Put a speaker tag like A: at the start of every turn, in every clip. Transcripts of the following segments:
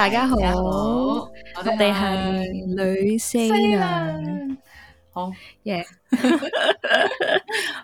A: 大家好，我哋係女聲啊，好，耶，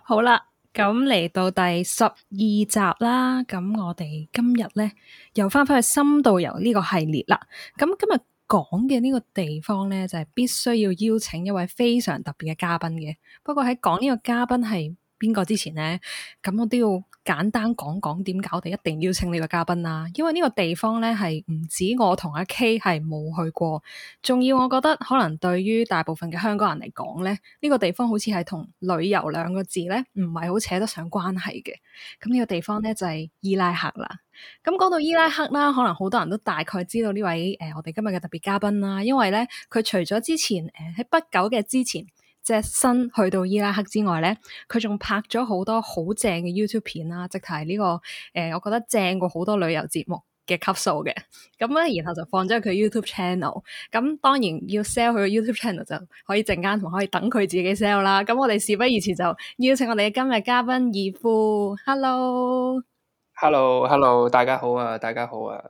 A: 好啦，咁嚟到第十二集啦，咁我哋今日咧又翻返去深度遊呢個系列啦，咁今日講嘅呢個地方咧就係必須要邀請一位非常特別嘅嘉賓嘅，不過喺講呢個嘉賓係。邊個之前呢？咁我都要簡單講講點解，我哋一定要請呢個嘉賓啦、啊。因為呢個地方呢，係唔止我同阿 K 係冇去過，仲要我覺得可能對於大部分嘅香港人嚟講呢，呢、這個地方好似係同旅遊兩個字呢唔係好扯得上關係嘅。咁呢個地方呢，就係、是、伊拉克啦。咁講到伊拉克啦，可能好多人都大概知道呢位誒、呃，我哋今日嘅特別嘉賓啦，因為呢，佢除咗之前誒喺不久嘅之前。呃隻身去到伊拉克之外咧，佢仲拍咗好多好正嘅 YouTube 片啦、啊，即係呢、呢個誒、呃，我覺得正過好多旅遊節目嘅級數嘅咁咧。然後就放咗佢 YouTube channel，咁、嗯、當然要 sell 佢 YouTube channel 就可以陣間同可以等佢自己 sell 啦。咁、嗯、我哋事不宜遲，就邀請我哋嘅今日嘉賓怡富。Hello，Hello，Hello，hello,
B: hello, 大家好啊！大家好啊！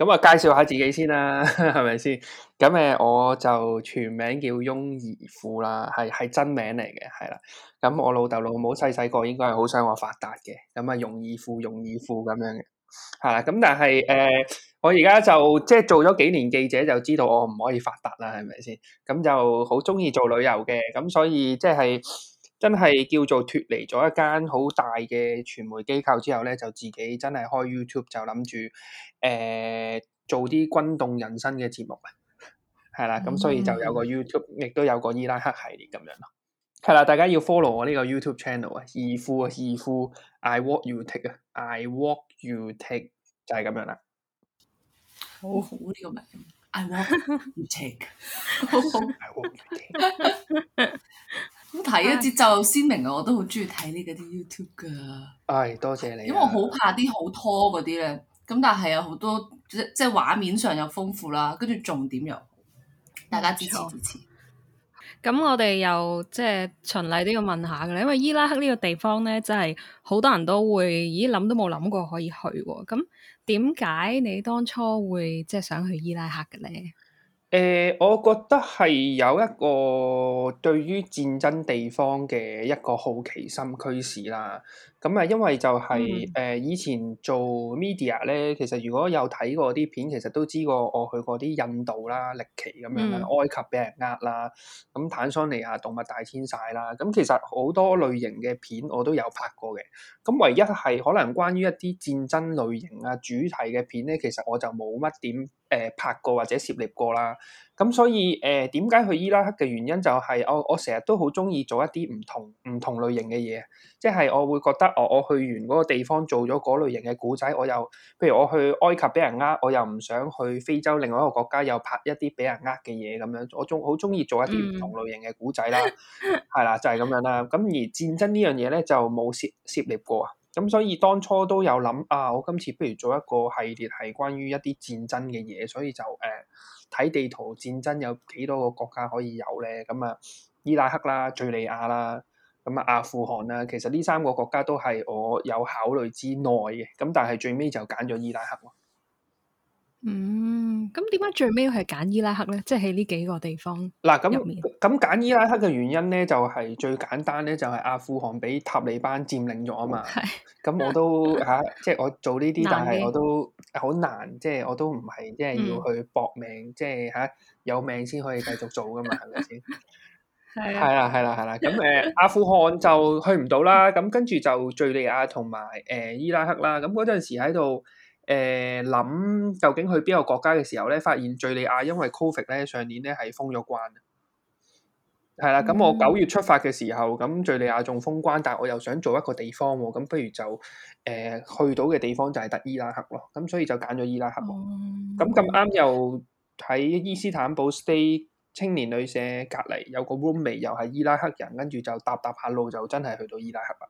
B: 咁啊，介紹下自己先啦，係咪先？咁誒，我就全名叫翁怡富啦，係係真名嚟嘅，係啦。咁我老豆老母細細個應該係好想我發達嘅，咁啊，容易富，容易富咁樣嘅，係啦。咁但係誒、呃，我而家就即係做咗幾年記者，就知道我唔可以發達啦，係咪先？咁就好中意做旅遊嘅，咁所以即係。真係叫做脫離咗一間好大嘅傳媒機構之後咧，就自己真係開 YouTube 就諗住誒做啲轟動人生嘅節目啊，係啦，咁所以就有個 YouTube，亦都有個伊拉克系列咁樣咯，係啦，大家要 follow 我呢個 YouTube channel 啊，怡富啊怡富，I walk you take 啊，I walk you take 就係咁樣啦，
C: 好好呢個名，I walk you take，好好。睇啊，節奏又鮮明啊，我都好中意睇呢嗰啲 YouTube 噶。
B: 係、哎，多謝你、啊。因為我好
C: 怕啲好拖嗰啲咧，咁但係有好多即係即畫面上又豐富啦，跟住重點又大家支持、嗯、支持。
A: 咁我哋又即係循例都要問下嘅咧，因為伊拉克呢個地方咧，真係好多人都會咦諗都冇諗過可以去喎。咁點解你當初會即係想去伊拉克嘅咧？
B: 誒、呃，我覺得係有一個對於戰爭地方嘅一個好奇心驅使啦。咁、嗯、啊，嗯、因為就係、是、誒、呃、以前做 media 咧，其實如果有睇過啲片，其實都知過我去過啲印度啦、歷奇咁樣嘅，嗯、埃及俾人呃啦，咁、嗯、坦桑尼亞動物大遷徙啦。咁、嗯、其實好多類型嘅片我都有拍過嘅。咁、嗯、唯一係可能關於一啲戰爭類型啊主題嘅片咧，其實我就冇乜點。誒，拍過或者涉獵過啦，咁所以誒，點解去伊拉克嘅原因就係，我我成日都好中意做一啲唔同唔同類型嘅嘢，即係我會覺得我哦我去完嗰個地方做咗嗰類型嘅古仔，我又譬如我去埃及俾人呃，我又唔想去非洲另外一個國家又拍一啲俾人呃嘅嘢咁樣，我仲好中意做一啲唔同類型嘅古仔啦，係啦 就係咁樣啦，咁而戰爭呢樣嘢咧就冇涉涉獵過。咁所以當初都有諗啊，我今次不如做一個系列係關於一啲戰爭嘅嘢，所以就誒睇、呃、地圖，戰爭有幾多個國家可以有咧？咁啊，伊拉克啦、敘利亞啦、咁啊阿富汗啦，其實呢三個國家都係我有考慮之內嘅，咁但係最尾就揀咗伊拉克。
A: 嗯，咁點解最尾係揀伊拉克咧？即係呢幾個地方
B: 嗱，咁咁揀伊拉克嘅原因咧，就係最簡單咧，就係阿富汗俾塔利班佔領咗啊嘛。係咁，我都吓，即係我做呢啲，但係我都好難，即係我都唔係即係要去搏命，即係吓有命先可以繼續做噶嘛，係咪先？係啊，係啦，係啦，咁誒，阿富汗就去唔到啦。咁跟住就敘利亞同埋誒伊拉克啦。咁嗰陣時喺度。誒，諗、呃、究竟去邊個國家嘅時候咧，發現敘利亞因為 COVID 咧，上年咧係封咗關。係啦，咁我九月出發嘅時候，咁敘利亞仲封關，但係我又想做一個地方，哦，咁不如就誒、呃、去到嘅地方就係得伊拉克咯。咁所以就揀咗伊拉克。咁咁啱又喺伊斯坦堡 stay 青年旅舍隔籬有個 roommate 又係伊拉克人，跟住就搭搭下路就真係去到伊拉克啦。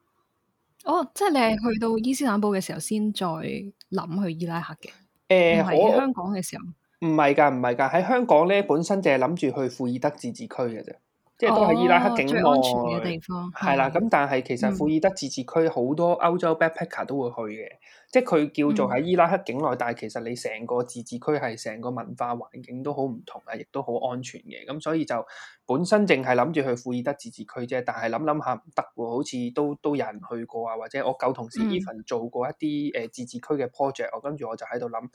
A: 哦，oh，即係你係去到伊斯坦堡嘅時候先再諗去伊拉克嘅？
B: 誒、呃，喺香港嘅時候，唔係噶，唔係噶，喺香港咧本身就係諗住去庫爾德自治區嘅啫。即係都係伊拉克境內嘅地方，係啦。咁但係其實庫爾德自治區好多歐洲 backpacker 都會去嘅，即係佢叫做喺伊拉克境內。嗯、但係其實你成個自治區係成個文化環境都好唔同啊，亦都好安全嘅。咁所以就本身淨係諗住去庫爾德自治區啫，但係諗諗下唔得喎，好似都都有人去過啊。或者我舊同事 Even 做過一啲誒自治區嘅 project，我跟住我就喺度諗。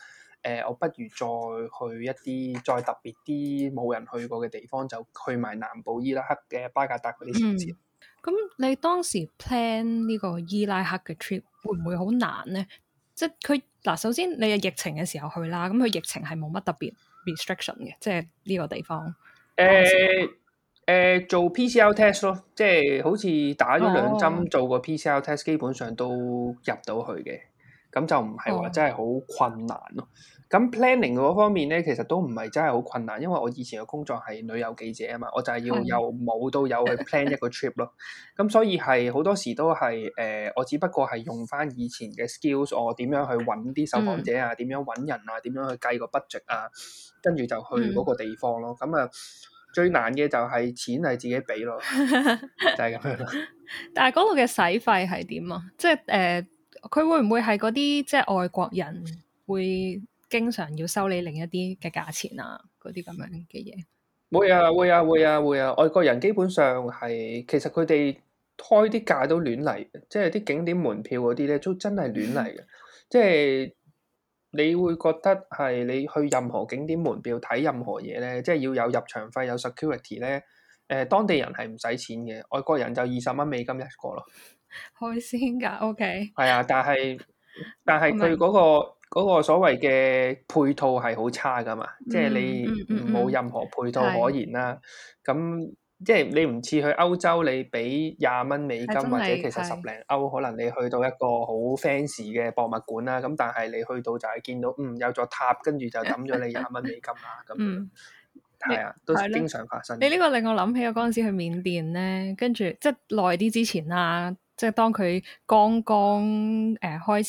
B: 誒、呃，我不如再去一啲再特別啲冇人去過嘅地方，就去埋南部伊拉克嘅巴格達嗰啲城市。
A: 咁、嗯、你當時 plan 呢個伊拉克嘅 trip 會唔會好難咧？即係佢嗱，首先你有疫情嘅時候去啦，咁佢疫情係冇乜特別 restriction 嘅，即係呢個地方。
B: 誒誒、呃呃呃，做 PCR test 咯，即係好似打咗兩針做個 PCR test，哦、基本上都入到去嘅，咁就唔係話真係好困難咯。哦。咁 planning 嗰方面咧，其實都唔係真係好困難，因為我以前嘅工作係旅遊記者啊嘛，我就係要由冇到有，有去 plan 一個 trip 咯。咁 所以係好多時都係誒、呃，我只不過係用翻以前嘅 skills，我點樣去揾啲受訪者啊，點樣揾人啊，點樣去計個 budget 啊，跟住就去嗰個地方咯。咁啊，最難嘅就係錢係自己俾咯， 就係咁樣
A: 但係嗰度嘅使費係點啊？即係誒，佢、呃、會唔會係嗰啲即係外國人會？經常要收你另一啲嘅價錢啊，嗰啲咁樣嘅嘢。
B: 會啊，會啊，會啊，會啊！外國人基本上係其實佢哋開啲價都亂嚟，即係啲景點門票嗰啲咧，都真係亂嚟嘅。 即係你會覺得係你去任何景點門票睇任何嘢咧，即係要有入場費有 security 咧。誒、呃，當地人係唔使錢嘅，外國人就二十蚊美金一個咯。
A: 開先㗎，OK。
B: 係 啊，但係但係佢嗰個。 嗰個所謂嘅配套係好差噶嘛，嗯、即係你冇任何配套可言啦、啊。咁的即係你唔似去歐洲，你俾廿蚊美金或者其實十零歐，的可能你去到一個好 fancy 嘅博物館啦。咁但係你去到就係見到嗯有座塔，跟住就抌咗你廿蚊美金啦、啊。咁係啊，都經常發生。你呢個
A: 令我諗起我嗰陣時去緬甸咧，跟住即係耐啲之前啦，即係當佢剛剛誒、呃、開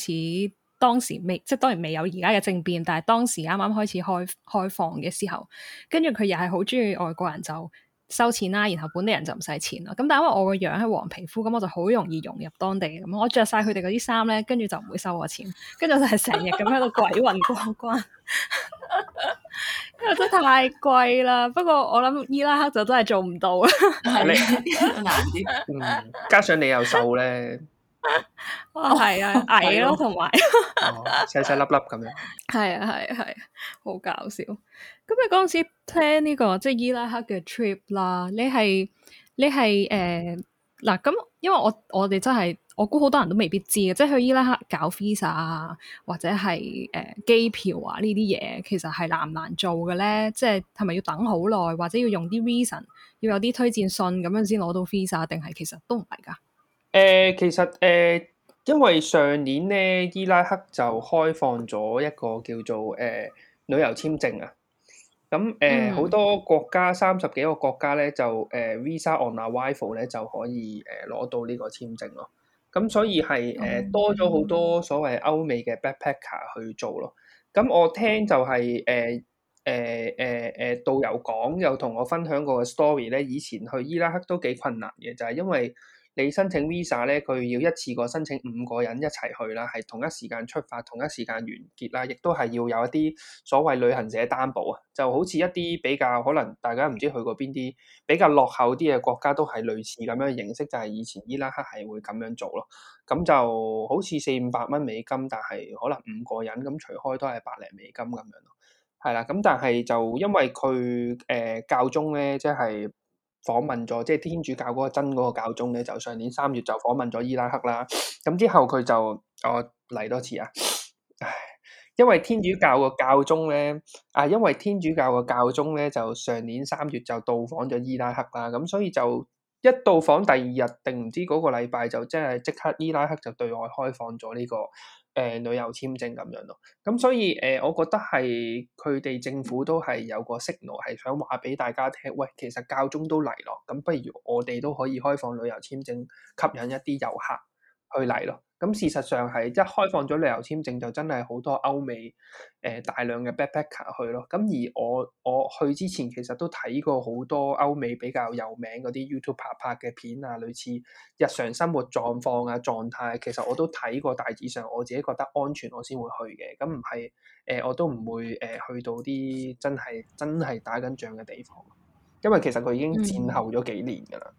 A: 始。當時未，即係當然未有而家嘅政變，但係當時啱啱開始開開放嘅時候，跟住佢又係好中意外國人就收錢啦、啊，然後本地人就唔使錢咯。咁但係因為我個樣係黃皮膚，咁、嗯、我就好容易融入當地咁、嗯。我着晒佢哋嗰啲衫咧，跟住就唔會收我錢。跟住就係成日咁喺度鬼混過關，因為 真太貴啦。不過我諗伊拉克就真係做唔到啦，
B: 係難啲你、 嗯？加上你又瘦咧。
A: 哦，係語言語啊，矮咯，同埋
B: 細細粒粒咁樣，
A: 係啊，係 係、 哎，好、哎哎、搞笑。咁你嗰陣時 plan 呢、這個即係伊拉克嘅 trip 啦，你係你係誒嗱，咁、欸、因為我我哋真係我估好多人都未必知嘅，即係去伊拉克搞 visa、呃、啊，或者係誒機票啊呢啲嘢，其實係難唔難做嘅咧？即係係咪要等好耐，或者要用啲 reason，要有啲推薦信咁樣先攞到 visa，定係其實
B: 都唔係噶？誒、呃，其實誒、呃，因為上年咧，伊拉克就開放咗一個叫做誒、呃、旅遊簽證啊，咁誒好多國家三十幾個國家咧就誒、呃、visa on arrival 咧就可以誒攞、呃、到呢個簽證咯，咁所以係誒、呃、多咗好多所謂歐美嘅 backpacker 去做咯，咁我聽就係誒誒誒誒導遊講有同我分享過嘅 story 咧，以前去伊拉克都幾困難嘅，就係、是、因為。你申請 visa 咧，佢要一次過申請五個人一齊去啦，係同一時間出發，同一時間完結啦，亦都係要有一啲所謂旅行社擔保啊，就好似一啲比較可能大家唔知去過邊啲比較落後啲嘅國家，都係類似咁樣嘅形式，就係、是、以前伊拉克係會咁樣做咯。咁就好似四五百蚊美金，但係可能五個人咁除開都係百零美金咁樣咯。係啦，咁但係就因為佢誒、呃、教宗咧，即係。訪問咗，即係天主教嗰個真嗰個教宗咧，就上年三月就訪問咗伊拉克啦。咁之後佢就，我嚟多次啊唉，因為天主教個教宗咧，啊，因為天主教個教宗咧，就上年三月就到訪咗伊拉克啦。咁所以就一到訪第二日，定唔知嗰個禮拜就即係即刻伊拉克就對外開放咗呢個。誒、呃、旅遊簽證咁樣咯，咁所以誒、呃，我覺得係佢哋政府都係有個 signal 係想話俾大家聽，喂，其實教宗都嚟咯，咁不如我哋都可以開放旅遊簽證，吸引一啲遊客去嚟咯。咁事實上係一開放咗旅遊簽證，就真係好多歐美誒、呃、大量嘅 backpacker 去咯。咁而我我去之前其實都睇過好多歐美比較有名嗰啲 YouTube 拍拍嘅片啊，類似日常生活狀況啊、狀態，其實我都睇過。大致上我自己覺得安全，我先會去嘅。咁唔係誒，我都唔會誒、呃、去到啲真係真係打緊仗嘅地方，因為其實佢已經戰後咗幾年㗎啦。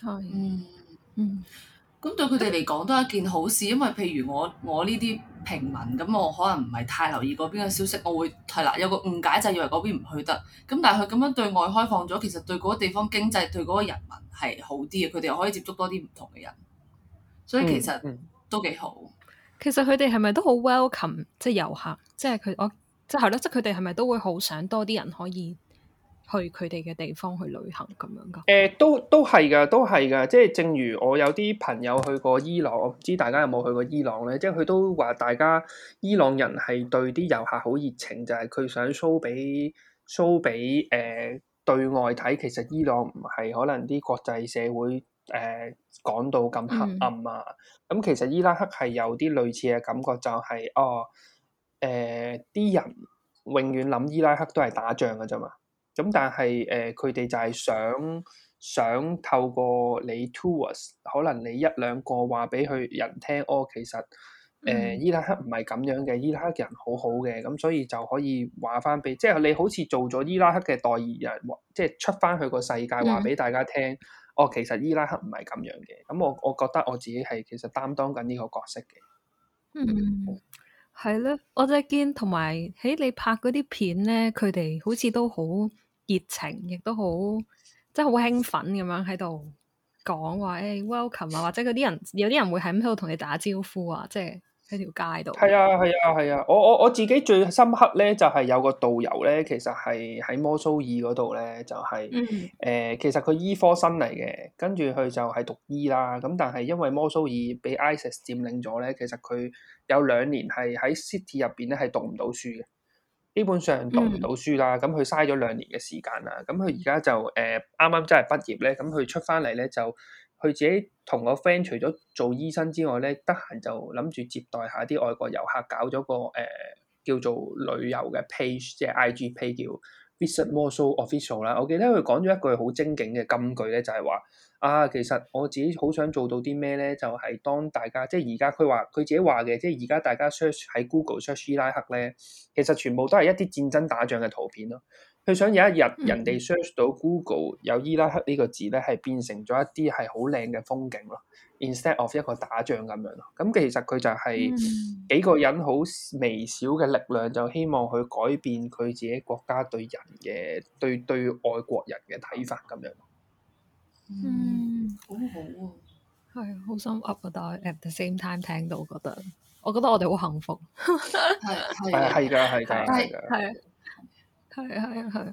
C: 係嗯嗯。嗯嗯咁對佢哋嚟講都係一件好事，因為譬如我我呢啲平民咁，我可能唔係太留意嗰邊嘅消息，我會係啦有個誤解就以為嗰邊唔去得咁，但係佢咁樣對外開放咗，其實對嗰個地方經濟對嗰個人民係好啲嘅，佢哋又可以接觸多啲唔同嘅人，
A: 所以其實
C: 都幾好。嗯嗯、
A: 其實佢哋係咪都好 welcome 即係遊客，即係佢我即係咯，即係佢哋係咪都會好想多啲人可以去佢哋嘅地方去旅行咁樣
B: 㗎？誒、呃，都都係㗎，都係㗎。即係正如我有啲朋友去過伊朗，我唔知大家有冇去過伊朗咧。即係佢都話，大家伊朗人係對啲遊客好熱情，就係、是、佢想 show 俾 show 俾，uh, 對外睇。其實伊朗唔係可能啲國際社會誒講、uh, 到咁黑暗啊。咁、嗯嗯、其實伊拉克係有啲類似嘅感覺、就是，就係哦誒啲、呃、人永遠諗伊拉克都係打仗㗎啫嘛。咁但係誒，佢、呃、哋就係想想透過你 tools，可能你一兩個話俾佢人聽，哦，其實誒、呃嗯、伊拉克唔係咁樣嘅，伊拉克人好好嘅，咁所以就可以話翻俾，即係你好似做咗伊拉克嘅代言人，即係出翻去個世界話俾大家聽，嗯、哦，其實伊拉克唔係咁樣嘅。咁我我覺得我自己係其實擔當緊呢個角色嘅。嗯，
A: 係咯、嗯，我就見同埋喺你拍嗰啲片咧，佢哋好似都好，熱情亦都好，即係好興奮咁樣喺度講話誒，welcome 啊！或者嗰啲人有啲人會喺喺度同你打招呼啊，即係喺條街度。係啊
B: 係啊係啊！ 嗯、我我我自己最深刻咧，就係有個導遊咧、就是呃，其實係喺、e、摩蘇爾嗰度咧，就係誒，其實佢醫科生嚟嘅，跟住佢就係讀醫啦。咁但係因為摩蘇爾俾 ISIS 佔領咗咧，其實佢有兩年係喺 city 入邊咧係讀唔到書嘅。基本上讀唔到書啦，咁佢嘥咗兩年嘅時間啦，咁佢而家就誒啱啱真係畢業咧，咁佢出翻嚟咧就佢自己同個 friend 除咗做醫生之外咧，得閒就諗住接待下啲外國遊客，搞咗個誒、呃、叫做旅遊嘅 page，即係 IG page 叫 more so official 啦，我記得佢講咗一句好精警嘅金句咧，就係話啊，其實我自己好想做到啲咩咧，就係當大家即係而家佢話佢自己話嘅，即係而家大家 search 喺 Google search 伊拉克咧，其實全部都係一啲戰爭打仗嘅圖片咯。佢想有一日人哋 search 到 Google 有伊拉克呢個字咧，係變成咗一啲係好靚嘅風景咯，instead of 一個打仗咁樣咯。咁其實佢就係幾個人好微小嘅力量，就希望去改變佢自己國家對人嘅對,對對外國人嘅睇法咁樣。嗯，好
A: 好啊，係好心噏啊，但係 at the same time 聽到我覺得，我覺得我哋好幸福。
C: 係係係㗎係㗎係啊！係啊係啊係，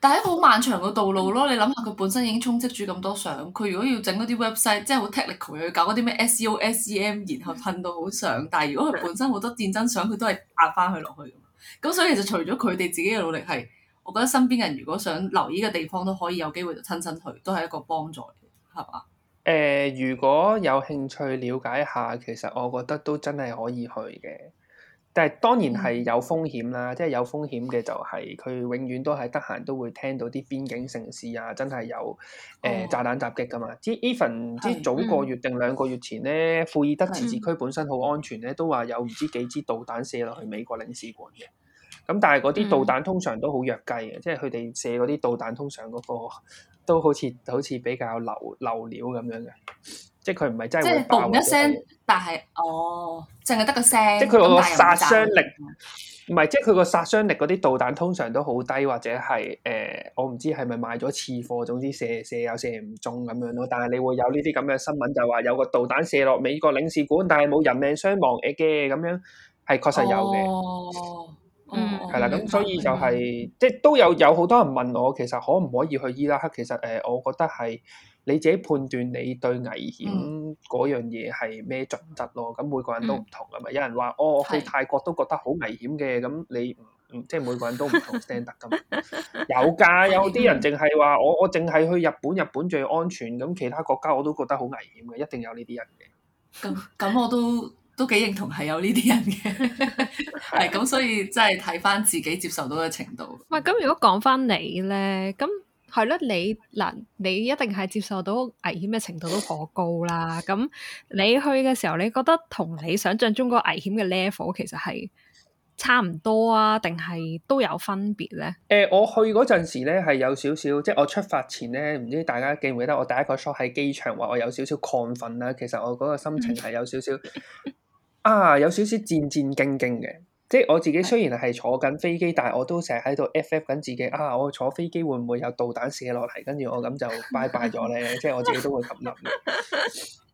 C: 但係喺好漫長嘅道路咯。你諗下佢本身已經充斥住咁多相，佢如果要整嗰啲 website，即係好 technical，又搞嗰啲咩 SEO、SEM，然後噴到好上。但係如果佢本身好多戰爭相，佢的都係壓翻去落去。咁，所以其實除咗佢哋自己嘅努力，係，我覺得身邊人如果想留意嘅地方，都可以有機會就親身去，都係一個幫助，係嘛？誒、
B: 呃，如果有興趣了解一下，其實我覺得都真係可以去嘅。但係當然係有風險啦，即係有風險嘅就係佢永遠都係得閒都會聽到啲邊境城市啊，真係有誒、呃、炸彈襲擊噶嘛。之 even 之早個月定兩個月前咧，嗯、庫爾德自治區本身好安全咧，都話有唔知幾支導彈射落去美國領事館嘅。咁但係嗰啲導彈通常都好弱雞嘅，嗯、即係佢哋射嗰啲導彈通常嗰個都好似好似比較流流料咁樣嘅。即係佢唔係真係嘣
C: 一聲，但係哦，淨係得個聲。即係佢個殺傷力
B: 唔係，即係佢個殺傷力嗰啲導彈通常都好低，或者係誒，我唔知係咪買咗次貨，總之射射又射唔中咁樣咯。但係你會有呢啲咁嘅新聞，就話有個導彈射落美國領事館，但係冇人命傷亡嘅咁樣，係確實有嘅。哦，嗯，係啦，咁所以就係即係都有有好多人問我，其實可唔可以去伊拉克？其實誒，我覺得係。你自己判斷你對危險嗰樣嘢係咩準則咯，咁每個人都唔同噶嘛。有人話、哦、我去泰國都覺得好危險嘅，咁的你唔即係每個人都唔同 stand 得噶嘛。有㗎，有啲人淨係話我我淨係去日本，日本最安全，咁其他國家我都覺得好危險嘅，一定有呢啲人嘅。
C: 咁咁我都都幾認同係有呢啲人嘅，係。 咁所以真係睇翻自己接受到嘅程度。
A: 喂的，咁如果講翻你咧，咁。係咯，你嗱，你一定係接受到危險嘅程度都好高啦。咁你去嘅時候，你覺得同你想象中個危險嘅 level 其實係差唔多啊？定係都有分別咧？
B: 誒、欸，我去嗰陣時咧，係有少少，即係我出發前咧，唔知大家記唔記得我第一個 shot 喺機場話我有少少亢奮啦。其實我嗰個心情係有少少 啊，有少少戰戰兢兢嘅。即係我自己雖然係坐緊飛機，但係我都成日喺度 FF 緊自己啊！我坐飛機會唔會有導彈射落嚟？跟住我咁就拜拜咗咧！ 即係我自己都會咁諗。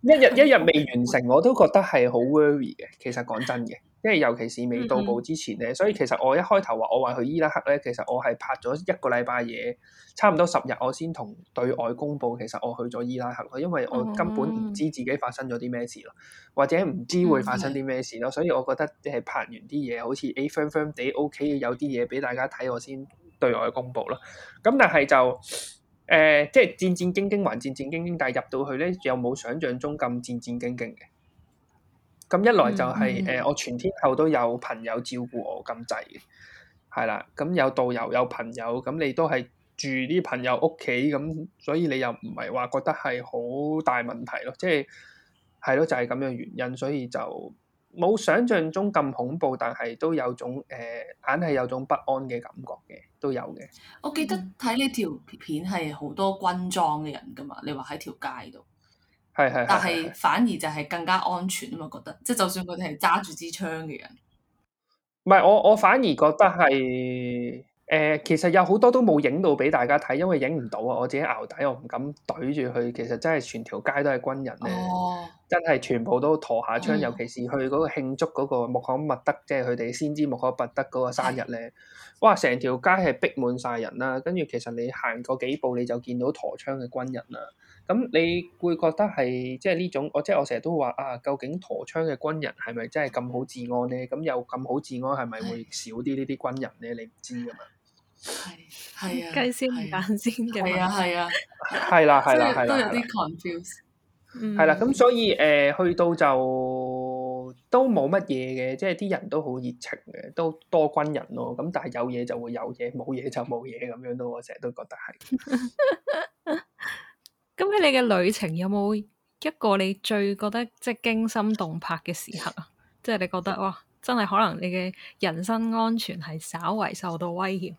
B: 一日一日未完成，我都覺得係好 worry 嘅。其實講真嘅，因為尤其是未到步之前咧，嗯、所以其實我一開頭話我話去伊拉克咧，其實我係拍咗一個禮拜嘢，差唔多十日，我先同對外公佈。其實我去咗伊拉克，因為我根本唔知自己發生咗啲咩事咯，嗯、或者唔知會發生啲咩事咯。嗯、所以我覺得係拍完啲嘢，好似誒 firm firm 地 OK，有啲嘢俾大家睇，我先對外公佈啦。咁但係就。誒、呃，即係戰戰兢兢，還戰戰兢兢，但係入到去咧又冇想象中咁戰戰兢兢嘅。咁一來就係、是、誒、嗯嗯、呃，我全天候都有朋友照顧我咁滯嘅，係啦。咁有導遊，有朋友，咁你都係住啲朋友屋企，咁所以你又唔係話覺得係好大問題咯。即係係咯，就係咁樣原因，所以就冇想象中咁恐怖，但係都有種誒，硬、呃、係有種不安嘅感覺嘅。都有嘅。
C: 嗯、我記得睇呢條片
B: 係好多軍裝嘅人噶嘛，你話喺條街度，係係，但係
C: 反而就係更加安全啊嘛，我覺得即係就算佢哋係揸住支槍嘅人，
B: 唔係我我反而覺得係誒、呃，其實有好多都冇影到俾大家睇，因為影唔到啊。我自己淆底，我唔敢對住佢。其實真係全條街都係軍人咧，哦、真係全部都陀下槍，的尤其是去嗰個慶祝嗰個穆罕默德，即係佢哋先知穆罕默德嗰個生日咧。哇！成條街係逼滿晒人啦、啊，跟住其實你行過幾步你就見到陀槍嘅軍人啦、啊。咁、嗯嗯嗯、你會覺得係即係呢種，即我即係我成日都話啊，究竟陀槍嘅軍人係咪真係咁好治安咧？咁又咁好治安係咪會少啲呢啲軍人咧？你唔知噶嘛？係係啊，雞先蛋先
C: 嘅。係
B: 啊係啊，係啦係啦係啦。即係都有啲 confuse。係啦、嗯，咁所以誒，去到就。都冇乜嘢嘅，即係啲人都好熱情嘅，都多軍人咯。咁但係有嘢就會有嘢，冇嘢就冇嘢咁樣咯。我成日都覺得係。
A: 咁喺你嘅旅程有冇一個你最覺得即係驚心動魄嘅時刻啊？即係你覺得哇，真係可能你嘅人身安全係稍為受到威脅，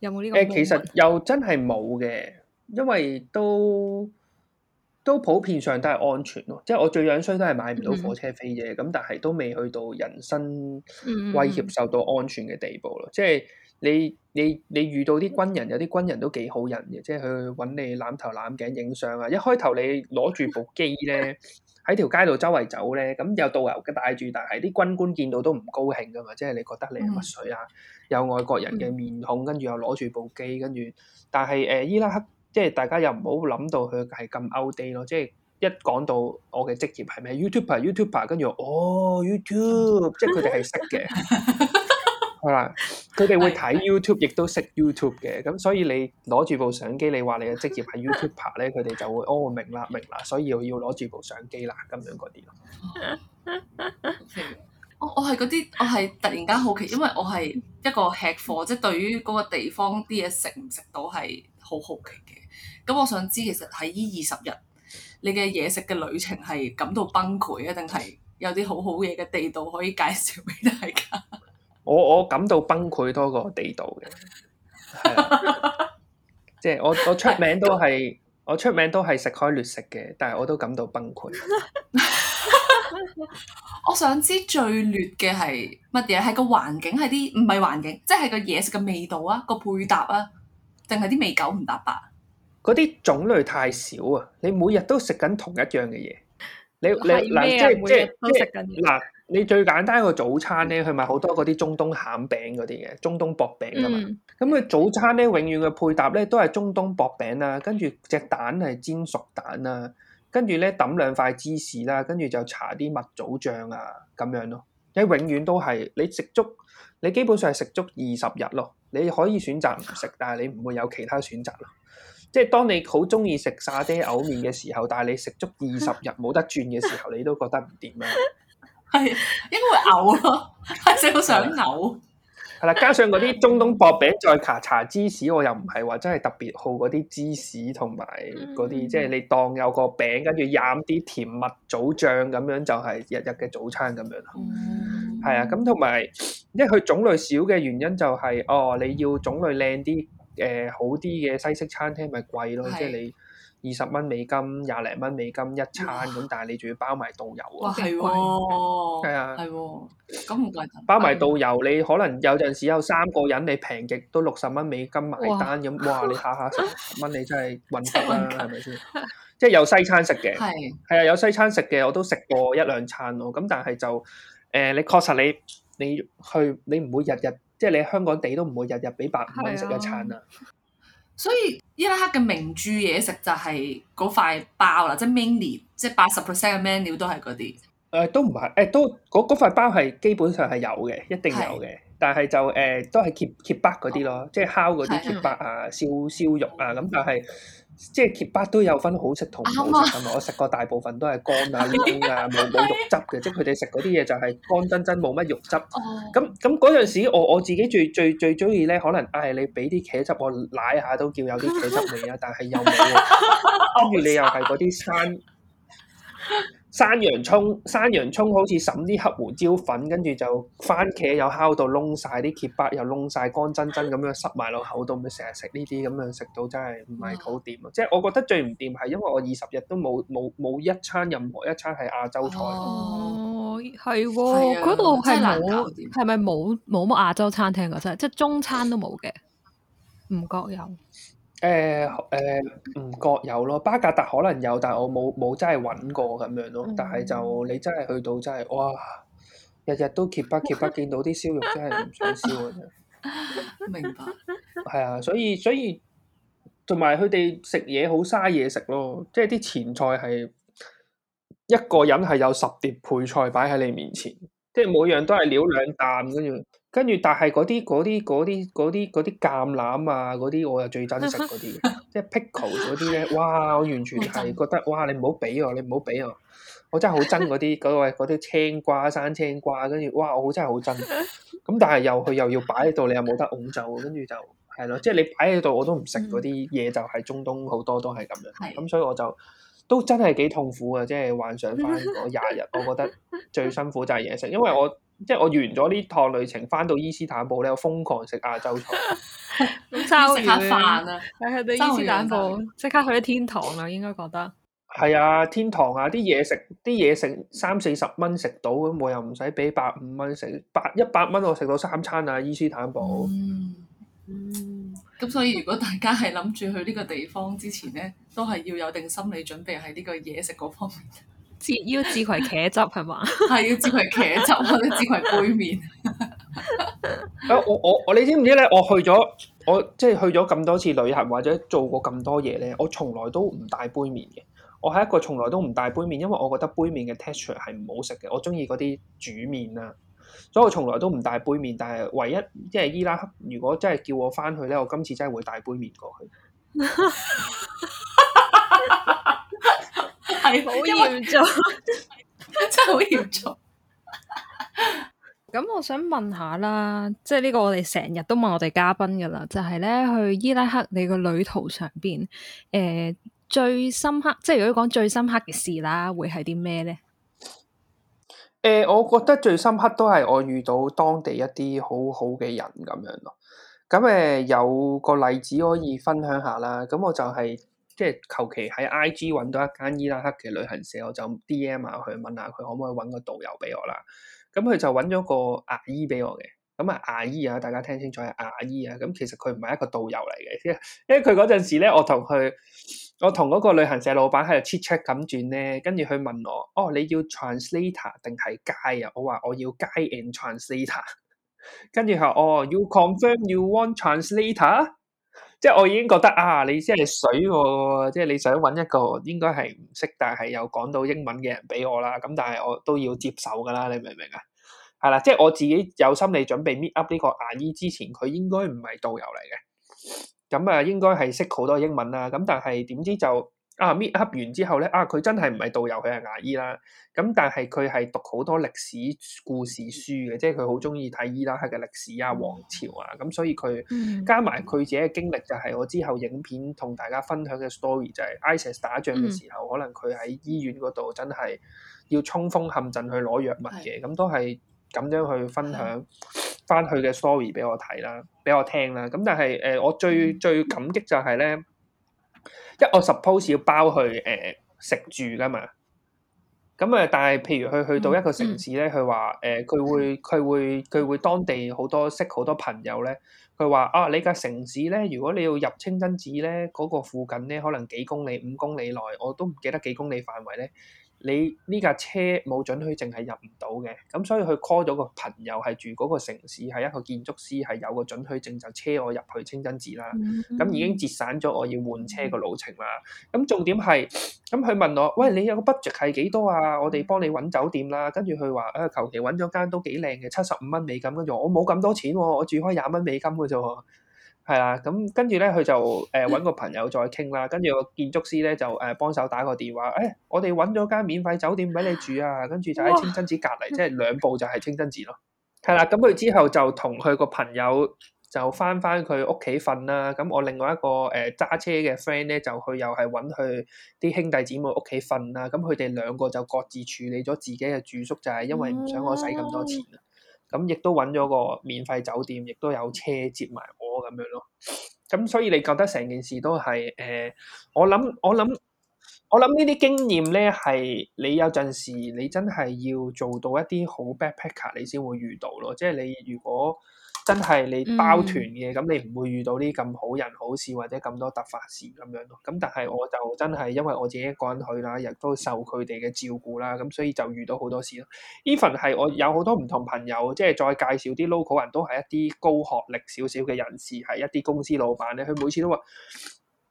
A: 有冇呢個？誒，其實
B: 又真係冇嘅，因為都。都普遍上都係安全咯，即係我最樣衰都係買唔到火車飛啫，咁、mm hmm. 但係都未去到人身威脅受到安全嘅地步咯。Mm hmm. 即係你你你遇到啲軍人，有啲軍人都幾好人嘅，即係去揾你攬頭攬頸影相啊！一開頭你攞住部機咧喺 條街度周圍走咧，咁有導遊嘅帶住，但係啲軍官見到都唔高興噶嘛，即係你覺得你係乜水啊？Mm hmm. 有外國人嘅面孔，跟住又攞住部機，跟住但係誒、呃、伊拉克。即係大家又唔好諗到佢係咁 outdated 咯，即係一講到我嘅職業係咩 YouTuber？YouTuber 跟住哦，YouTube，即係佢哋係識嘅，係啦，佢哋會睇 YouTube，亦都識 YouTube 嘅，咁所以你攞住部相機，你話你嘅職業係 YouTuber 咧，佢哋就會哦明啦明啦，所以又要攞住部相機啦，咁樣嗰啲咯。
C: 我我係嗰啲，我係突然間好奇，因為我係一個吃貨，即係對於嗰個地方啲嘢食唔食到係好好奇嘅。咁我想知其實喺呢二十日，你嘅嘢食嘅旅程係感到崩潰啊，定係有啲好好嘢嘅地道可以介紹俾大家？
B: 我我感到崩潰多過地道嘅， 係啊，即係我我出名都係 我出名都係食開劣食嘅，但係我都感到崩潰。
C: 我想知最劣嘅係乜嘢？係個環境，係啲唔係環境，即係個嘢食嘅味道啊，個配搭啊，定係啲味九唔搭八？
B: 嗰啲種類太少啊！你每日都食緊同一樣嘅嘢，你你嗱，即係是每日都食緊嘢即係嗱，你最簡單個早餐咧，佢咪好多嗰啲中東餡餅嗰啲嘅，中東薄餅啊嘛。咁佢、嗯、早餐咧，永遠嘅配搭咧，都係中東薄餅啊，跟住隻蛋係煎熟蛋啊。跟住咧抌兩塊芝士啦，跟住就搽啲蜜棗醬啊，咁樣咯。即永遠都係你食足，你基本上係食足二十日咯。你可以選擇唔食，但係你唔會有其他選擇咯。即係當你好中意食沙爹、藕麵嘅時候，但係你食足二十日冇得轉嘅時候， 你都覺得唔掂啊？係 應該會嘔咯，食到想嘔。係啦，加上嗰啲中東薄餅再搽搽芝士，我又唔係話真係特別好嗰啲芝士同埋嗰啲，嗯、即係你當有個餅跟住飲啲甜蜜組醬咁樣就係、是、日日嘅早餐咁樣咯。係、嗯、啊，咁同埋因為佢種類少嘅原因就係、是、哦，你要種類靚啲誒好啲嘅、呃、西式餐廳咪貴咯，是即係你。二十蚊美金，廿零蚊美金一餐咁，哦、但係你仲要包埋導遊、啊。哇，係喎！係啊，係喎、啊，咁唔係包埋導遊，你可能有陣時有三個人，你平極都六十蚊美金埋單咁，哇，哇！你下下十蚊，你真係運得啦，係咪先？是是 即係有西餐食嘅，係係是啊，有西餐食嘅，我都食過一兩餐咯。咁但係就誒、呃，你確實你你去你唔會日日，即、就、係、是、你香港地都唔會日日俾百五蚊食一餐啦。
C: 所以伊拉克嘅名著嘢食就係嗰塊包啦，即係 main 料，即係八十 percent 嘅 menu 都係嗰啲。誒、
B: 呃，都唔係，誒，都嗰塊包係基本上係有嘅，一定有嘅。是但係就誒、呃，都係 kebab kebab 嗰啲咯，哦、即係烤嗰啲 kebab 啊，嗯、燒燒肉啊，咁但係。嗯即係 kebab 都有分好食同唔好食，同埋、啊、我食過大部分都係乾啊、乾的啊，冇冇肉汁嘅，的即係佢哋食嗰啲嘢就係乾真真冇乜肉汁。咁咁嗰陣時我，我我自己最最最中意咧，可能唉、哎、你俾啲茄汁我奶下都叫有啲茄汁味啊， 但係又冇，跟住 你又係嗰啲山。 山洋葱，山洋葱好似滲啲黑胡椒粉，跟住就番茄又烤到燶晒啲茄巴又燶晒乾真真咁樣，塞埋落口度，咪成日食呢啲咁樣食到真係唔係好掂咯。啊，即係我覺得最唔掂係因為我二十日都冇冇冇一餐任何一餐係亞洲菜。哦，
A: 係喎，嗰度係冇，係咪冇冇乜亞洲餐廳㗎？真係即係中餐都冇嘅，唔覺有。
B: 誒誒，唔覺、uh, uh, 有咯，巴格達可能有，但係我冇冇真係揾過咁樣咯。嗯、但係就你真係去到真係，哇！日日都揭巴揭巴，見到啲燒肉真係唔想燒啊！真
C: 係明
B: 白。係啊，所以所以同埋佢哋食嘢好嘥嘢食咯，即係啲前菜係一個人係有十碟配菜擺喺你面前，即係每樣都係料兩啖跟住。跟住，但係嗰啲嗰啲嗰啲嗰啲嗰啲橄欖啊，嗰啲我又最憎食嗰啲， 即係 pickle 嗰啲咧，哇！我完全係覺得，哇！你唔好俾我，你唔好俾我，我真係好憎嗰啲嗰位啲青瓜生青瓜，跟住哇！我好真係好憎。咁但係又去又要擺喺度，你又冇得㧬就，跟住就係咯。即係你擺喺度，我都唔食嗰啲嘢，就係中東好多都係咁樣。咁的、嗯、所以我就都真係幾痛苦啊！即係幻想翻我廿日，我覺得最辛苦就係嘢食，因為我。 即係我完咗呢趟旅程，翻到伊斯坦堡咧，我瘋狂食亞洲
A: 菜，咁食下飯啊！喺喺度伊斯坦堡，即刻去咗天堂啦，應該覺得。
B: 係啊，天堂啊！啲嘢食，啲嘢食，食三四十蚊食到，咁我又唔使俾百五蚊食，百一百蚊我食到三餐啊！伊斯坦堡。嗯。
C: 咁、嗯、所以如果大家係諗住去呢個地方之前咧，都係要有定心理準備喺呢個嘢食嗰方面。
A: 要自攜茄汁係嘛？係。 要自攜茄汁，或者自攜杯麵。
B: 啊！ 我我我，你知唔知咧？我去咗，我即係去咗咁多次旅行，或者做過咁多嘢咧，我從來都唔帶杯麵嘅。我係一個從來都唔帶杯麵，因為我覺得杯麵嘅 texture 係唔好食嘅。我中意嗰啲煮麵啊，所以我從來都唔帶杯麵。但係唯一即係、就是、伊拉克，如果真係叫我翻去咧，我今次真係會帶杯麵過去。
A: 係好嚴重 真係好嚴重。咁我想問下啦，即係呢個我哋成日都問我哋嘉賓噶啦，就係咧，去伊拉克，你個旅途上邊，誒，最深刻，即係如果講最深刻嘅事啦，會係啲咩咧？
B: 誒，我覺得最深刻都係我遇到當地一啲好好嘅人咁樣咯。咁誒，有個例子可以分享下啦。咁我就係。即係求其喺 IG 揾到一間伊拉克嘅旅行社，我就 D M 啊佢問下佢可唔可以揾個導遊俾我啦。咁、嗯、佢就揾咗個牙醫俾我嘅。咁啊牙醫啊，大家聽清楚係牙醫啊。咁、嗯、其實佢唔係一個導遊嚟嘅，因為佢嗰陣時咧，我同佢，我同嗰個旅行社老闆喺度 check check 咁轉咧，跟住佢問我：哦、oh，你要 translator 定係 guide 啊？我話我要 guide and translator。 跟住佢：哦，you confirm you want translator？即係我已經覺得啊，你即係水喎、哦，即係你想揾一個應該係唔識，但係又講到英文嘅人俾我啦，咁但係我都要接受㗎啦，你明唔明啊？係啦，即係我自己有心理準備 meet up 呢個牙醫之前，佢應該唔係導遊嚟嘅，咁、嗯、啊應該係識好多英文啦，咁但係點知就。啊 meet up 完之後咧，啊、ah, 佢真係唔係導遊，佢係牙醫啦。咁但係佢係讀好多歷史故事書嘅，即係佢好中意睇伊拉克嘅歷史啊、王朝啊。咁所以佢、嗯、加埋佢自己嘅經歷，就係我之後影片同大家分享嘅 story 就係 ISIS 打仗嘅時候，嗯、可能佢喺醫院嗰度真係要衝鋒陷陣去攞藥物嘅。咁的都係咁樣去分享翻佢嘅 story 俾我睇啦，俾的我聽啦。咁但係誒、呃，我最最感激就係咧。即我 suppose 要包去誒食住噶嘛，咁啊，但係譬如佢去到一個城市咧，佢話誒，佢會佢會佢會當地好多識好多朋友咧，佢話啊，你個城市咧，如果你要入清真寺咧，嗰個附近咧可能幾公里五公里內，我都唔記得幾公里範圍咧。你呢架車冇準許證係入唔到嘅，咁所以佢 call 咗個朋友係住嗰個城市，係一個建築師，係有個準許證就車我入去清真寺啦。咁已經節省咗我要換車個路程啦。咁重點係，咁佢問我，喂，你有個 budget 係幾多啊？我哋幫你揾酒店啦。跟住佢話，啊求其揾咗間都幾靚嘅，七十五蚊美金。跟住我冇咁多錢喎，啊，我住開廿蚊美金嘅啫喎。係啦，咁跟住咧，佢就誒揾，呃、個朋友再傾啦。跟住個建築師咧就誒幫，呃、手打個電話，誒、哎、我哋揾咗間免費酒店俾你住啊。跟住就喺清真寺隔離，哇即係兩步就係清真寺咯。係啦，咁佢之後就同佢個朋友就翻翻佢屋企瞓啦。咁我另外一個誒揸，呃、車嘅 friend 咧就去又係揾佢啲兄弟姊妹屋企瞓啦。咁佢哋兩個就各自處理咗自己嘅住宿，就係、是、因為唔想我使咁多錢，啊咁亦都揾咗個免費酒店，亦都有車接埋我咁樣咯。咁所以你覺得成件事都係誒、呃，我諗我諗我諗呢啲經驗咧，係你有陣時你真係要做到一啲好 backpacker，你先會遇到咯。即係你如果，真係你包團嘅，咁、嗯、你唔會遇到啲咁好人好事或者咁多突發事咁樣咯。咁但係我就真係因為我自己一個人去啦，亦都受佢哋嘅照顧啦，咁所以就遇到好多事咯。even 係我有好多唔同朋友，即係再介紹啲 local 人都係一啲高學歷少少嘅人士，係一啲公司老闆咧。佢每次都話：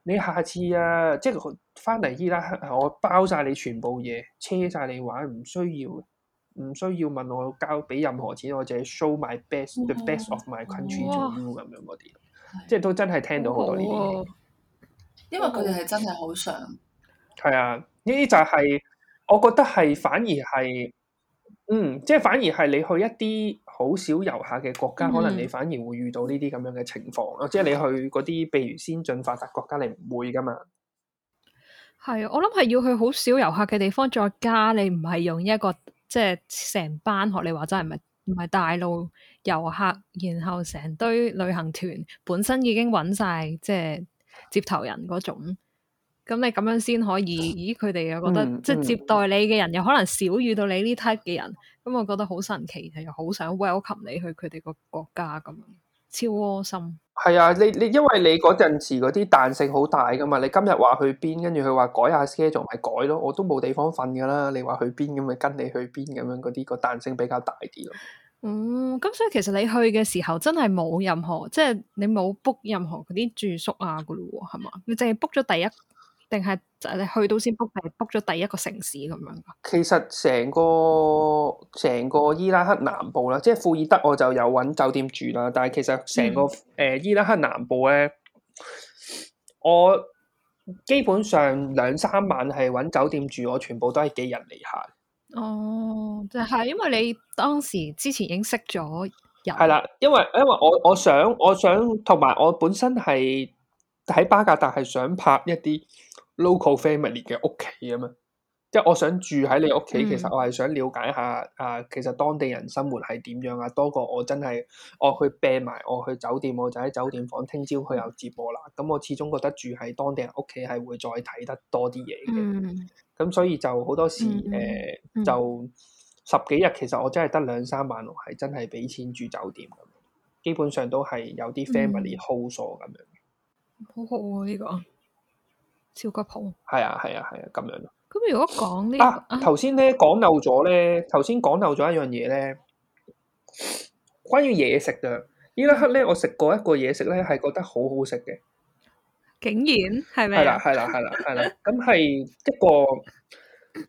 B: 你下次啊，即係翻嚟伊拉克，我包晒你全部嘢，車晒你玩，唔需要。唔需要問我交俾任何錢，我就係 show my best，the、oh. best of my country to you 咁樣嗰啲，即係都真係聽到好多呢啲嘢，oh.
C: oh. 因為佢哋係真係好想
B: 係啊。呢啲就係、是、我覺得係反而係嗯，即係反而係你去一啲好少遊客嘅國家，oh. 可能你反而會遇到呢啲咁樣嘅情況。Oh. 即係你去嗰啲譬如先進發達國家，你唔會㗎嘛。
A: 係啊，我諗係要去好少遊客嘅地方，再加你唔係用一個。即係成班學你話齋，唔係唔係大陸遊客，然後成堆旅行團本身已經揾晒即係接頭人嗰種，咁你咁樣先可以，咦佢哋又覺得、嗯嗯、即係接待你嘅人又可能少遇到你呢 type 嘅人，咁我覺得好神奇，係又好想 welcome 你去佢哋個國家咁樣。超窩心，
B: 係啊！你你因為你嗰陣時嗰啲彈性好大噶嘛，你今日話去邊，跟住佢話改下 schedule 咪改咯，我都冇地方瞓噶啦！你話去邊咁咪跟你去邊咁樣，嗰啲個彈性比較大啲咯。嗯，
A: 咁所以其實你去嘅時候真係冇任何，即係你冇 book 任何嗰啲住宿啊噶咯，係嘛？你淨係 book 咗第一。定係就你去到先 book，係 book 咗第一個城市咁樣？
B: 其實成個成個伊拉克南部啦，即係庫爾德，我就有搵酒店住啦。但係其實成個誒、嗯呃、伊拉克南部咧，我基本上兩三晚係搵酒店住，我全部都係幾日嚟下。
A: 哦，就係、是、因為你當時之前已經識咗
B: 人。係啦，因為因為我我想我想同埋我本身係喺巴格達係想拍一啲。Local family 嘅屋企咁啊，即係我想住喺你屋企。其實我係想了解下、嗯、啊，其實當地人生活係點樣啊？多過我真係我去病埋，我去酒店，我就喺酒店房。聽朝佢又直播啦。咁我始終覺得住喺當地人屋企係會再睇得多啲嘢
A: 嘅。
B: 咁、嗯、所以就好多時誒、嗯呃，就十幾日其實我真係得兩三萬六，係真係俾錢住酒店咁。基本上都係有啲 family、嗯、house 咁樣，
A: 好好啊呢、這個。超級鋪，
B: 係啊係啊係啊咁樣。
A: 咁如果講呢，啊
B: 頭先咧講漏咗咧，頭先講漏咗一樣嘢咧，關於嘢食嘅。呢一刻咧，我食過一個嘢食咧，係覺得好好食嘅。
A: 竟然係咪？係啦
B: 係啦係啦係啦，咁係 一個。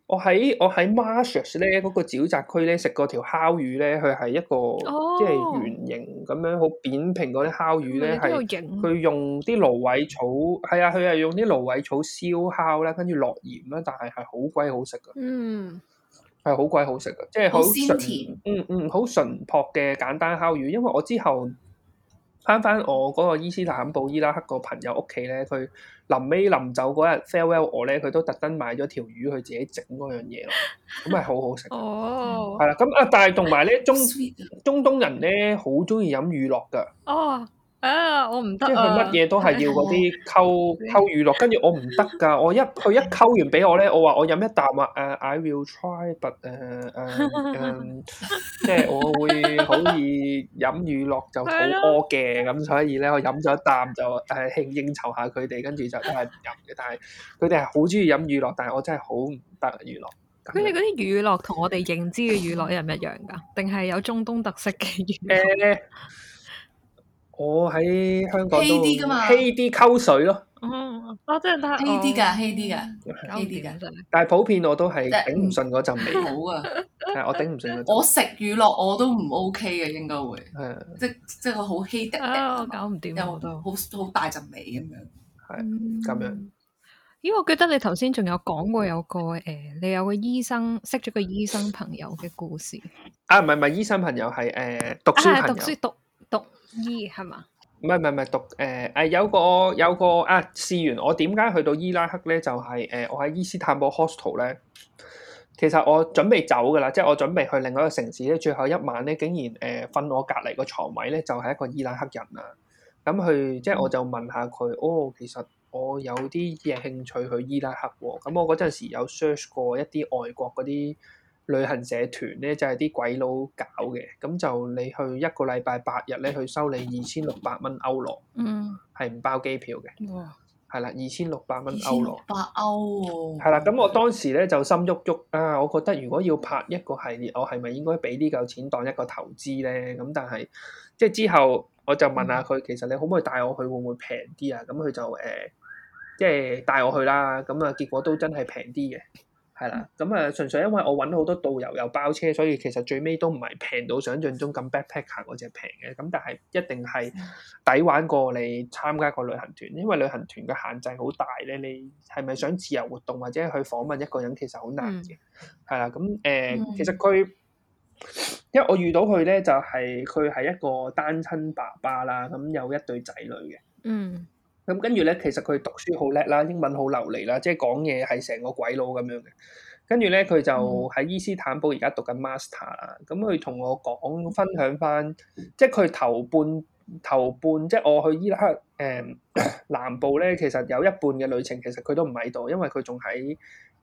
B: 我喺我喺 Marshall 咧嗰、嗰個沼澤區咧食過條烤魚咧，佢係一個、oh. 即係圓形咁樣好扁平嗰啲烤魚咧，係佢、oh, 係用啲蘆葦草，係啊，佢係用啲蘆葦草燒烤啦，跟住落鹽啦，但係係好鬼好食噶，嗯，係好鬼好食噶，即係好鮮甜，嗯嗯，好純樸嘅簡單烤魚，因為我之後。翻翻我嗰個伊斯坦堡伊拉克個朋友屋企咧，佢臨尾臨走嗰日 farewell 我咧，佢都特登買咗條魚去自己整嗰樣嘢，咁係好好食。哦，係啦，咁啊，但係同埋咧，中中東人咧好中意飲乳酪噶。哦。
A: 啊！我唔得啊！即係佢乜嘢都係要嗰啲
B: 溝、哎、喲溝乳酪，跟住我唔得噶。我一佢一溝完俾我咧，我話我飲一啖啊！誒、uh，I will try but 誒、uh, 誒、uh,
A: uh，
B: 即係我會好易飲乳酪就肚屙嘅咁，啊、所以咧我飲咗一啖就誒、啊、慶應酬下佢哋，跟住就真係唔飲嘅。但係佢哋係好中意飲乳酪，但係我真係好唔得乳酪。佢
A: 哋嗰啲乳酪同我哋認知嘅乳酪一唔一樣㗎？定係有中東特色嘅乳酪、
B: 呃我喺香港稀啲噶嘛，稀啲溝水
C: 咯。哦，啊，真係得稀啲噶，稀啲噶，稀啲
B: 噶。但係普遍我都係頂唔順嗰陣味。好啊，但係樣我頂唔順嗰。我食魚落我都唔 OK 嘅，應該會係
C: 即係即係個好稀的嘅，搞唔掂好多，好大陣味咁
B: 樣，係咁樣。
A: 咦、嗯？我覺得你頭先仲有講過有個誒、呃，你有個醫生識咗個醫生朋友嘅故事。
B: 啊，唔係唔係醫生朋友係誒， 讀書朋友。
A: 啊。伊係嘛？
B: 唔係唔係唔係讀誒誒、呃、有個有個啊試完我點解去到伊拉克咧？就係、是、誒、呃、我喺伊斯坦堡 hostel 咧，其實我準備走噶啦，即係我準備去另外一個城市咧。最後一晚咧，竟然誒瞓、呃、我隔離個床位咧，就係、是、一個伊拉克人啊！咁、嗯、佢，即係我就問下佢，哦，其實我有啲嘢興趣去伊拉克喎、哦。咁我嗰陣時有 search 過一啲外國嗰啲。旅行社團咧就係啲鬼佬搞嘅，咁就你去一個禮拜八日咧，去收你二千六百蚊歐羅，係唔、嗯、包機票嘅，係啦、嗯，二千六百蚊歐羅。二千六
C: 百歐喎。
B: 係啦，咁我當時咧就心喐喐啊，我覺得如果要拍一個系列，我係咪應該俾呢嚿錢當一個投資咧？咁但係即係之後我就問下佢，嗯、其實你可唔可以帶我去，會唔會平啲啊？咁佢就誒即係帶我去啦，咁啊結果都真係平啲嘅。係啦，咁啊，嗯嗯嗯、純粹因為我揾好多導遊又包車，所以其實最尾都唔係平到想像中咁 backpacker 嗰隻平嘅。咁但係一定係抵玩過你參加個旅行團，因為旅行團嘅限制好大咧。你係咪想自由活動或者去訪問一個人，其實好難嘅。係啦、嗯，咁誒，嗯嗯嗯嗯、其實佢因為我遇到佢咧、就是，就係佢係一個單親爸爸啦，咁有一對仔女嘅。嗯。咁跟住咧，其實佢讀書好叻啦，英文好流利啦，即係講嘢係成個鬼佬咁樣嘅。跟住咧，佢就喺伊斯坦布而家讀緊 master、嗯。咁佢同我講分享返，即係佢頭半頭半，即係我去伊拉克誒、嗯、 南部咧，其實有一半嘅旅程其實佢都唔喺度，因為佢仲喺。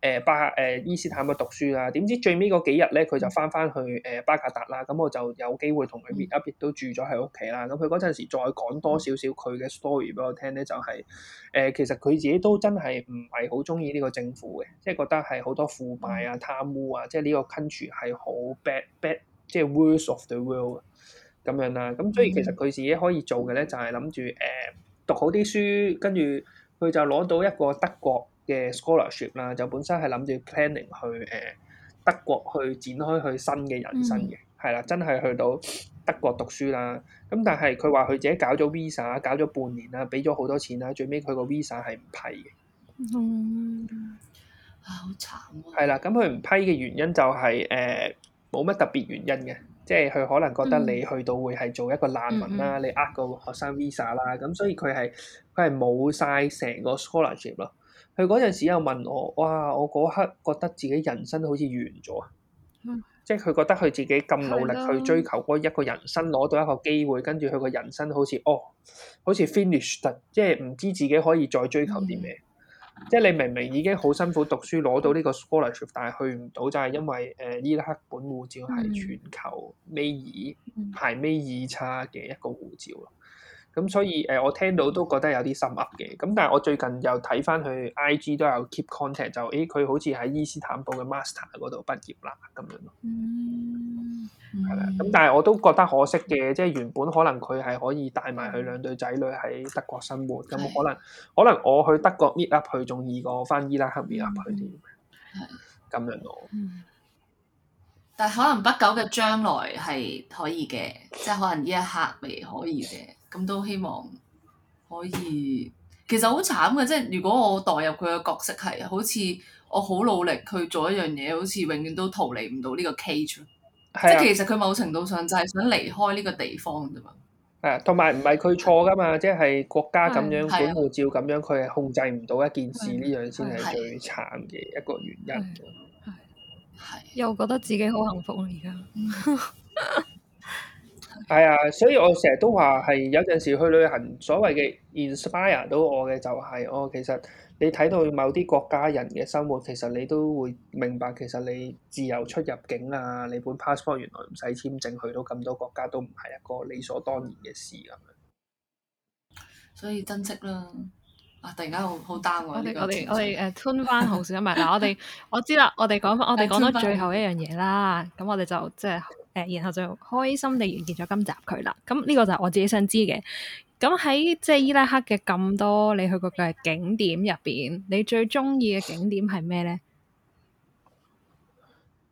B: 誒、欸、巴誒伊、欸、斯坦堡讀書啦，點知最尾嗰幾日咧，佢就翻翻去誒、呃、巴格達啦。咁我就有機會同佢 meet up，亦都住咗喺屋企啦。咁佢嗰陣時再講多少少佢嘅 story 俾我聽咧，就係、是、誒、呃、其實佢自己都真係唔係好中意呢個政府嘅，即係覺得係好多腐敗啊、貪污啊，即係呢個 country 係好 bad bad，即係 worse of the world 咁樣啦。咁所以其實佢自己可以做嘅咧，就係諗住誒讀好啲書，跟住佢就攞到一個德國嘅 scholarship 啦，就本身係諗住 planning 去誒、呃、德國去展開去新嘅人生嘅，係啦、嗯，真係去到德國讀書啦。咁但係佢話佢自己搞咗 visa，搞咗半年啦，俾咗好多錢啦，最尾佢個 visa 係唔批嘅。嗯、
C: 啊、
B: 好慘喎、啊！係啦，咁佢唔批嘅原因就係誒冇乜特別原因嘅，即係佢可能覺得你去到會係做一個難民啦，嗯嗯、你呃個學生 visa 啦，咁、嗯嗯、所以佢係佢係冇晒成個 scholarship 咯。佢嗰陣時又問我，哇！我嗰刻覺得自己人生好似完咗啊，嗯、即係佢覺得佢自己咁努力去追求嗰一個人生，攞、嗯、到一個機會，跟住佢個人生好似哦，好似 finish 咗，即係唔知自己可以再追求啲咩。嗯、即係你明明已經好辛苦讀書攞到呢個 scholarship，但係去唔到就係、是、因為誒伊拉克本護照係全球尾二排尾二差嘅一個護照咯。咁所以誒、呃，我聽到都覺得有啲心噏嘅。咁但係我最近又睇翻佢 IG 都有 keep contact，就誒佢、欸、好似喺伊斯坦堡嘅 master 嗰度畢業啦咁樣咯。係咪、嗯？咁、嗯、但係我都覺得可惜嘅，即係原本可能佢係可以帶埋佢兩對仔女喺德國生活。咁、嗯、可能的可能我去德國 meet up 佢，仲易過翻伊拉克 meet up 佢啲。咁的樣咯。的嗯、
C: 但係可能不久嘅將來係可以嘅，即、就、係、是、可能呢一刻未可以嘅。咁都希望可以，其實好慘嘅，即係如果我代入佢嘅角色係，好似我好努力去做一樣嘢，好似永遠都逃離唔到呢個 cage。即
B: 係其實佢某
C: 程度上就係想離開呢個地方
B: 啫嘛。係啊，同埋唔係佢錯噶嘛，即係國家咁樣管護照咁樣，佢係控制唔到一件事，呢樣先係最慘嘅一個原因。
A: 係。又覺得自己好幸福喇，而家。
B: 係啊、哎，所以我成日都話係有陣時去旅行，所謂嘅 inspire 到我嘅就係、是，我、哦、其實你睇到某啲國家人嘅生活，其實你都會明白，其實你自由出入境啊，你本 passport 原來唔使簽證去到咁多國家都唔係一個理所當然嘅事咁、啊、樣。
C: 所以珍惜啦！啊，突然間好好 down、啊、我哋們，我哋我哋誒
A: 吞翻好少一咪嗱，我哋我知啦，我哋講翻我哋講到最後一樣嘢啦，咁 我哋就即係。誒，然後就開心地完結咗今集佢啦。咁、這、呢個就係我自己想知嘅。咁喺即係伊拉克嘅咁多你去過嘅景點入邊，你最中意嘅景點係咩呢？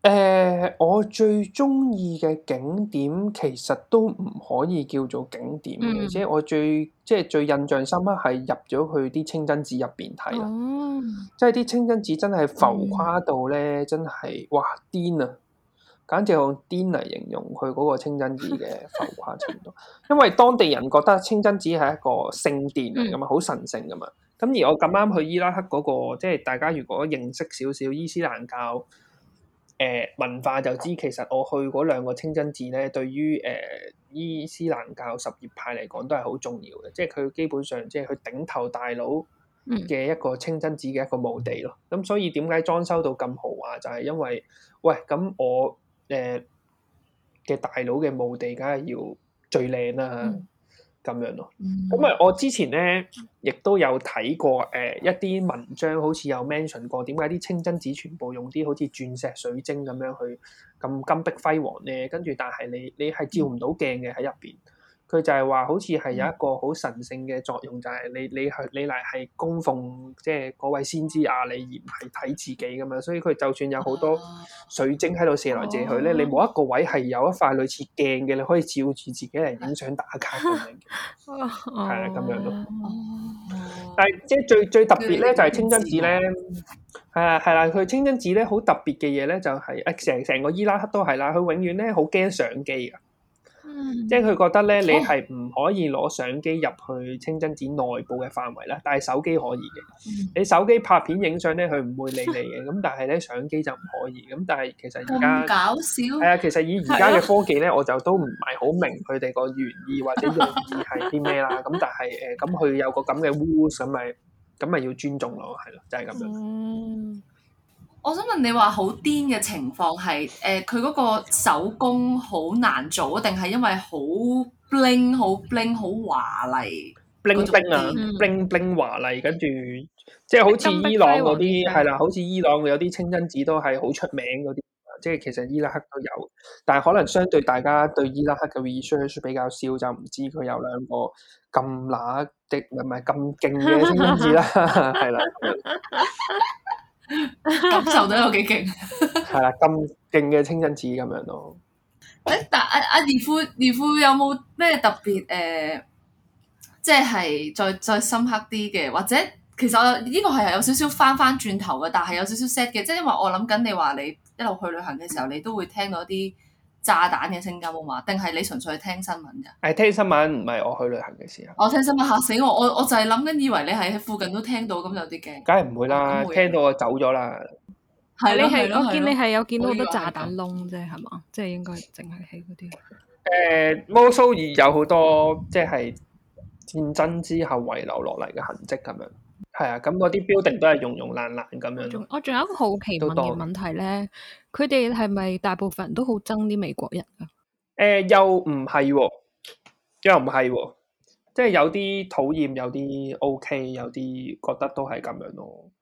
A: 誒、
B: 呃，我最中意嘅景點其實都唔可以叫做景點嘅、嗯，即係我最即係最印象深刻係入咗去啲清真寺入邊睇啦。哦、即係啲清真寺真係浮誇到呢，嗯、真係哇癲啊！簡直用癲嚟形容佢嗰個清真寺嘅浮誇程度，因為當地人覺得清真寺係一個聖殿啊，咁啊好神聖噶嘛。咁而我咁啱去伊拉克嗰、那個，即係大家如果認識少少伊斯蘭教，誒、呃、文化就知其實我去嗰兩個清真寺咧，對於誒、呃、伊斯蘭教什葉派嚟講都係好重要嘅，即係佢基本上即係佢頂頭大佬嘅一個清真寺嘅一個墓地咯。咁、嗯、所以點解裝修到咁豪華，就係、是、因為喂咁我。誒嘅大佬嘅墓地，梗係要最靚啦、啊，咁、嗯、樣咯。咁咪、嗯、我之前咧，亦都有睇過誒、呃、一啲文章，好似有 mention 過點解啲清真寺全部用啲好似鑽石、水晶咁樣去咁金碧輝煌咧，跟住但係你你係照唔到鏡嘅喺入邊。嗯佢就係話，好似係有一個好神聖嘅作用，就係、是、你你係你嚟係供奉，即係嗰位先知阿里而唔係睇自己噶嘛。所以佢就算有好多水晶喺度射嚟射去咧，哦、你冇一個位係有一塊類似鏡嘅，你可以照住自己嚟影相打卡咁、 哦、
A: 樣
B: 嘅，係啊咁樣咯。但係即係最最特別咧，就係清真寺咧，係啊係啦，佢清真寺咧好特別嘅嘢咧，就係誒成成個伊拉克都係啦，佢永遠咧好驚相機噶。即係佢覺得咧，嗯、你係唔可以攞相機入去清真寺內部嘅範圍啦，但係手機可以嘅。嗯、你手機拍片影相咧，佢唔會理你嘅。咁 但係咧，相機就唔可以。咁但係其實而家搞笑係啊，其實以而家嘅科技咧， 我就都唔係好明佢哋個原意或者用意係啲咩啦。咁 但係誒，咁、呃、佢有個咁嘅 usage 咪咁咪要尊重咯，係咯，就係、是、咁樣。嗯
C: 我想問你話好癲嘅情況係，誒佢嗰個手工好難做啊，定係因為好 bling 好 bling 好華
B: 麗 blingbling 啊 blingbling 華麗，跟住即係好似伊朗嗰啲係啦，好似的的伊朗會有啲清真寺都係好出名嗰啲，即係其實伊拉克都有，但係可能相對大家對伊拉克嘅 research 比較少，就唔知佢有兩個咁乸的，唔係咁勁嘅清真寺啦，係啦。
C: 感受到有幾勁，
B: 係啦咁勁嘅清真寺咁樣咯。
C: 誒，但阿阿怡富，怡、啊、富、啊、有冇咩特別誒，即、呃、係、就是、再再深刻啲嘅，或者其實我呢、這個係有少少翻翻轉頭嘅，但係有少少 sad 嘅，即、就、係、是、因為我諗緊你話你一路去旅行嘅時候，你都會聽到啲。炸彈嘅聲音嘛，定係你純粹聽新
B: 聞㗎？誒，聽新聞唔係我去旅行嘅時候。
C: 我聽新聞嚇死我，我我就係諗緊，以為你係喺附近都聽到，咁有啲驚。
B: 梗係唔會啦，會聽到我走咗啦。係你係，我見你
C: 係有見
A: 到好多炸彈窿啫，係嘛？即係的應該淨係喺嗰啲。
B: 誒，摩蘇爾有好多即係、就是、戰爭之後遺留落嚟嘅痕跡咁樣。係啊，咁嗰啲 building 都係溶溶爛爛咁樣。
A: 我仲有一個好奇問嘅問題咧。佢哋係咪大部分都好憎啲美國人、呃、啊？
B: 誒，又唔係喎，又唔係喎，即係有啲討厭，有啲 OK，有啲覺得都係咁樣咯、啊。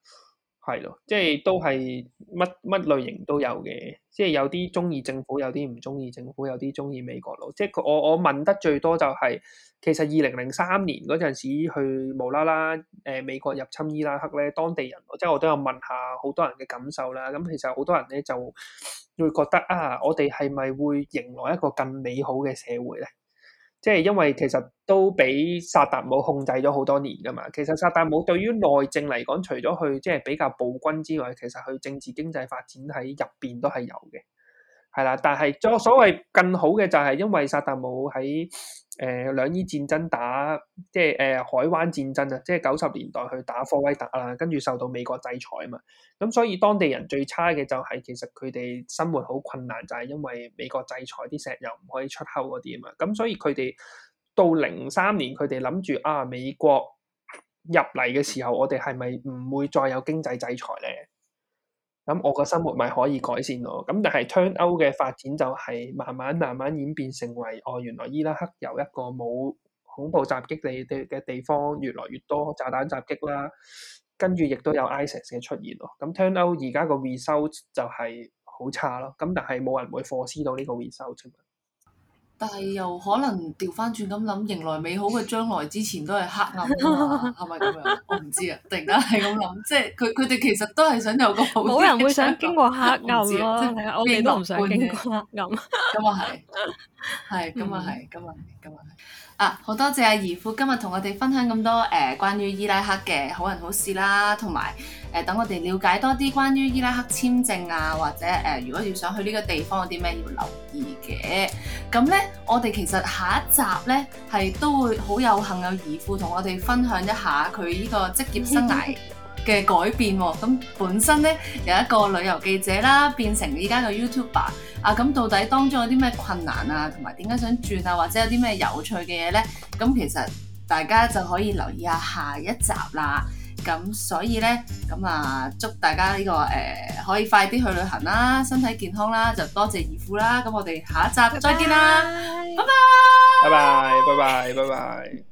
B: 係咯，即係都係乜乜類型都有嘅，即係有啲中意政府，有啲唔中意政府，有啲中意美國佬。即係我我問得最多就係，其實二零零三年嗰陣時去無啦啦誒美國入侵伊拉克咧，當地人即係我都有問下好多人嘅感受啦。咁其實好多人咧就會覺得啊，我哋係咪會迎來一個更美好嘅社會咧？即係因為其實都俾薩達姆控制咗好多年噶嘛，其實薩達姆對於內政嚟講，除咗佢即係比較暴君之外，其實佢政治經濟發展喺入邊都係有嘅，係啦。但係所謂更好嘅就係因為薩達姆喺。誒、呃，兩伊戰爭打，即係誒、呃、海灣戰爭啊，即係九十年代去打科威特啦，跟住受到美國制裁啊嘛，咁所以當地人最差嘅就係其實佢哋生活好困難，就係因為美國制裁啲石油唔可以出口嗰啲啊嘛，咁所以佢哋到零三年佢哋諗住啊，美國入嚟嘅時候，我哋係咪唔會再有經濟制裁咧？咁我個生活咪可以改善咯，咁但係 turn out 嘅發展就係慢慢慢慢演變成為哦，原來伊拉克由一個冇恐怖襲擊地嘅地方，越來越多炸彈襲擊啦，跟住亦都有 ISIS 嘅 IS 出現咯，咁 turn out 而家個 result 就係好差咯，咁但係冇人會 focus 到呢個 result。
C: 但係又可能調翻轉咁諗，迎來美好嘅將來之前都係黑暗㗎嘛，係咪咁樣？我唔知啊，突然間係咁諗，即係佢佢哋其實都係想有個好啲嘅，冇人會想經過黑暗咯，我哋了是都唔想經過黑暗。咁啊係，係， 咁啊係，咁啊。啊，好多謝阿怡富今日同我哋分享咁多誒、呃、關於伊拉克嘅好人好事啦，同埋誒等我哋了解多啲關於伊拉克簽證啊，或者誒、呃、如果要想去呢個地方有啲咩要留意嘅。咁呢，我哋其實下一集呢，係都會好有幸有怡富同我哋分享一下佢呢個職業生涯嘅改變喎、啊。咁本身呢，由一個旅遊記者啦，變成依家嘅 YouTuber。啊，咁到底當中有啲咩困難啊，同埋點解想轉啊，或者有啲咩有趣嘅嘢呢？咁其實大家就可以留意下下一集啦。咁所以呢，咁啊祝大家呢、呢個誒、呃、可以快啲去旅行啦，身體健康啦，就多謝怡富啦。咁我哋下一集再見啦，拜拜
B: bye，拜拜 bye，拜拜，拜拜。